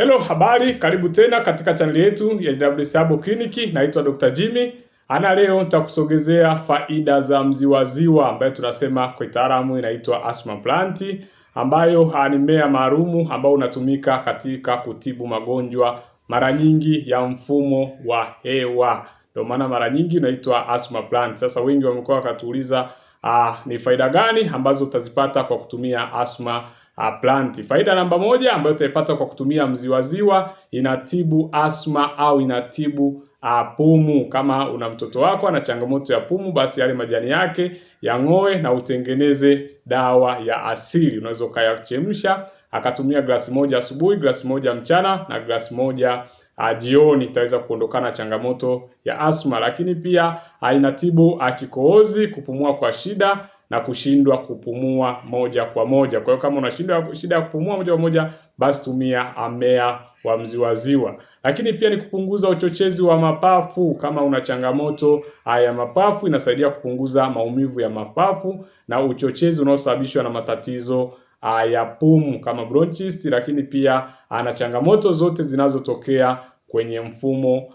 Hello, habari, karibu tena katika chaneli yetu ya JW Sabo Clinic. Naitwa Dr. Jimmy. Ana leo nitakusogezea faida za mziwaziwa ambayo tunasema kwa itaalamu inaitwa asthma plant, ambayo ah, ni mmea maalumu ambao unatumika katika kutibu magonjwa mara nyingi ya mfumo wa hewa, ndio maana mara nyingi unaitwa asthma plant. Sasa wengi wamekuwa wakatuuliza, ah, ni faida gani ambazo utazipata kwa kutumia asthma planti. Faida namba moja ambayo tutaipata kwa kutumia mziwaziwa, inatibu asma au inatibu ah, pumu. Kama una mtoto wako ana changamoto ya pumu, basi yale majani yake yang'oe na utengeneze dawa ya asili. Unaweza ukayachemsha akatumia glasi moja asubuhi, glasi moja mchana na glasi moja ah, jioni, itaweza kuondokana changamoto ya asma. Lakini pia uh, inatibu kikohozi, kupumua kwa shida na kushindwa kupumua moja kwa moja. Kwa hiyo kama una shida ya kupumua moja kwa moja, basi tumia amea wa mziwaziwa. Lakini pia ni kupunguza uchochezi wa mapafu. Kama una changamoto ya mapafu, inasaidia kupunguza maumivu ya mapafu na uchochezi unaosababishwa na matatizo ya pumu kama bronchitis, lakini pia ana changamoto zote zinazotokea kwenye mfumo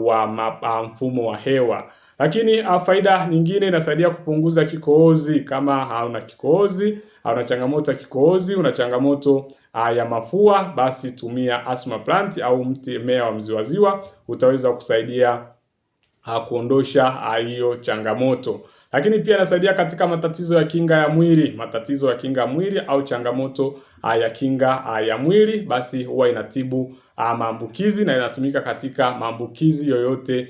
wa mfumo wa hewa. Lakini ah, faida nyingine inasaidia kupunguza kikohozi. Kama hauna kikohozi, hauna changamoto ya kikohozi, una changamoto ah, ya mafua, basi tumia asthma plant au mti mmea wa mziwaziwa utaweza kusaidia kuondosha ah, hiyo changamoto. Lakini pia inasaidia katika matatizo ya kinga ya mwili, matatizo ya kinga ya mwili au changamoto ah, ya kinga ah, ya mwili, basi huwa inatibu maambukizi na inatumika katika maambukizi yoyote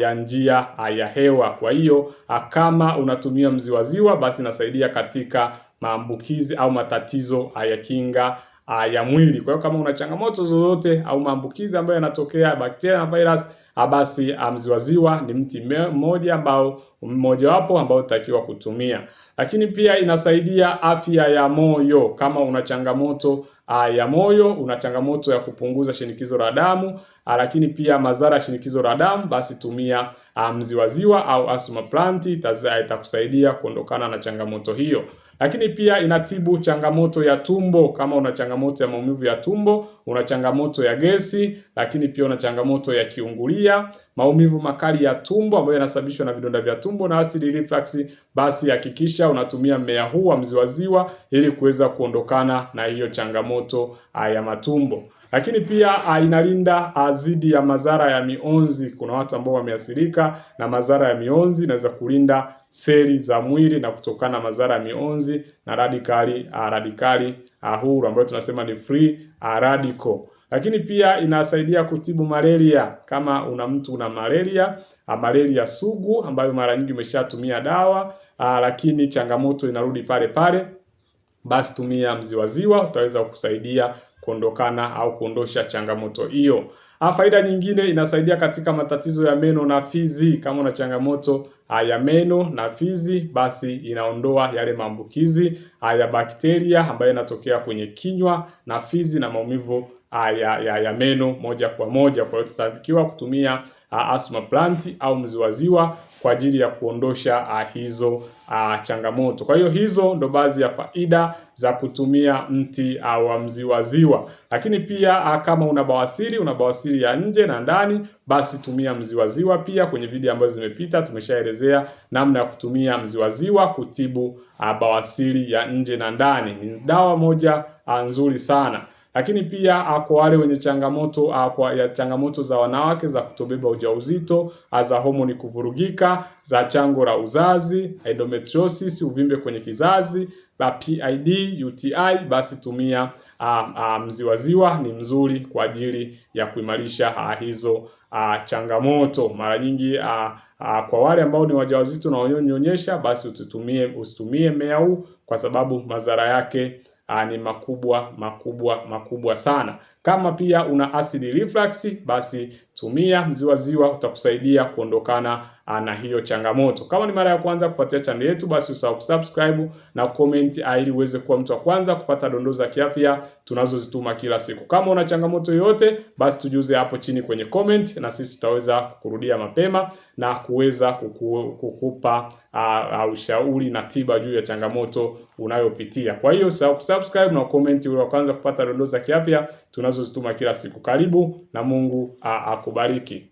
ya njia ya hewa. Kwa hiyo kama unatumia mziwaziwa, basi inasaidia katika maambukizi au matatizo ya kinga ya mwili. Kwa hiyo kama una changamoto zozote au maambukizi ambayo yanatokea bakteria na virus basi mziwaziwa ni mti mmoja ambao mmojawapo ambao utakiwa kutumia, lakini pia inasaidia afya ya moyo. Kama una changamoto ah, ya moyo, una changamoto ya kupunguza shinikizo la damu Ah, lakini pia madhara ya shinikizo la damu, basi tumia ah, mziwaziwa au asthma plant, ah, itakusaidia kuondokana na changamoto hiyo. Lakini pia inatibu changamoto ya tumbo. Kama una changamoto ya maumivu ya tumbo, una changamoto ya gesi, lakini pia una changamoto ya kiungulia maumivu makali ya tumbo ambayo yanasababishwa na vidonda vya tumbo na acid reflux, basi hakikisha unatumia mmea huu wa mziwaziwa ili kuweza kuondokana na hiyo changamoto ah, ya matumbo lakini pia ah, inalinda ah, dhidi ya madhara ya mionzi. Kuna watu ambao wameathirika na madhara ya mionzi, inaweza kulinda seli za mwili na kutokana na madhara ya mionzi na radikali radikali huru ambayo tunasema ni free radical. Lakini pia inasaidia kutibu malaria kama una mtu una malaria a, ah, malaria sugu ambayo mara nyingi umeshatumia dawa a, ah, lakini changamoto inarudi pale pale, basi tumia mziwaziwa utaweza kukusaidia kuondokana au kuondosha changamoto hiyo. Ah, faida nyingine inasaidia katika matatizo ya meno na fizi. Kama una changamoto ya meno na fizi, basi inaondoa yale maambukizi ya bakteria ambayo yanatokea kwenye kinywa na fizi na maumivu Ah, ya, ya, ya meno moja kwa moja. Kwa hiyo tutatakiwa kutumia uh, asthma plant au mziwaziwa kwa ajili ya kuondosha a, ah, hizo a, changamoto. Kwa hiyo hizo ndo baadhi ya faida za kutumia mti a, wa mziwaziwa. Lakini pia a, kama una bawasiri, una bawasiri ya nje na ndani, basi tumia mziwaziwa pia. Kwenye video ambazo zimepita tumeshaelezea namna ya kutumia mziwaziwa kutibu a, bawasiri ya nje na ndani. Ni dawa moja a, nzuri sana. Lakini pia ah, kwa wale wenye changamoto ah, kwa ya changamoto za wanawake za kutobeba ujauzito, ah, za homoni kuvurugika, za chango la uzazi, endometriosis, uvimbe kwenye kizazi, PID, UTI, basi tumia mziwaziwa ni mzuri kwa ajili ya kuimarisha hizo Uh, changamoto mara nyingi uh, uh, kwa wale ambao ni wajawazito na wanyonyesha, basi usitumie mmea huu kwa sababu madhara yake Ah, ni makubwa makubwa makubwa sana. Kama pia una acid reflux, basi tumia mziwaziwa utakusaidia kuondokana ah, na hiyo changamoto. Kama ni mara ya kwanza kupatia chaneli yetu, basi usahau kusubscribe na comment ah, ili uweze kuwa mtu wa kwanza kupata dondoo za kiafya tunazozituma kila siku. Kama una changamoto yoyote, basi tujuze hapo chini kwenye comment, na sisi tutaweza kukurudia mapema na kuweza kuku, kukupa uh, uh, ushauri na tiba juu ya changamoto unayopitia. Kwa hiyo usahau kusubscribe na comment ili wa kwanza kupata dondoo za kiafya tuna tunazozituma kila siku. Karibu na Mungu akubariki.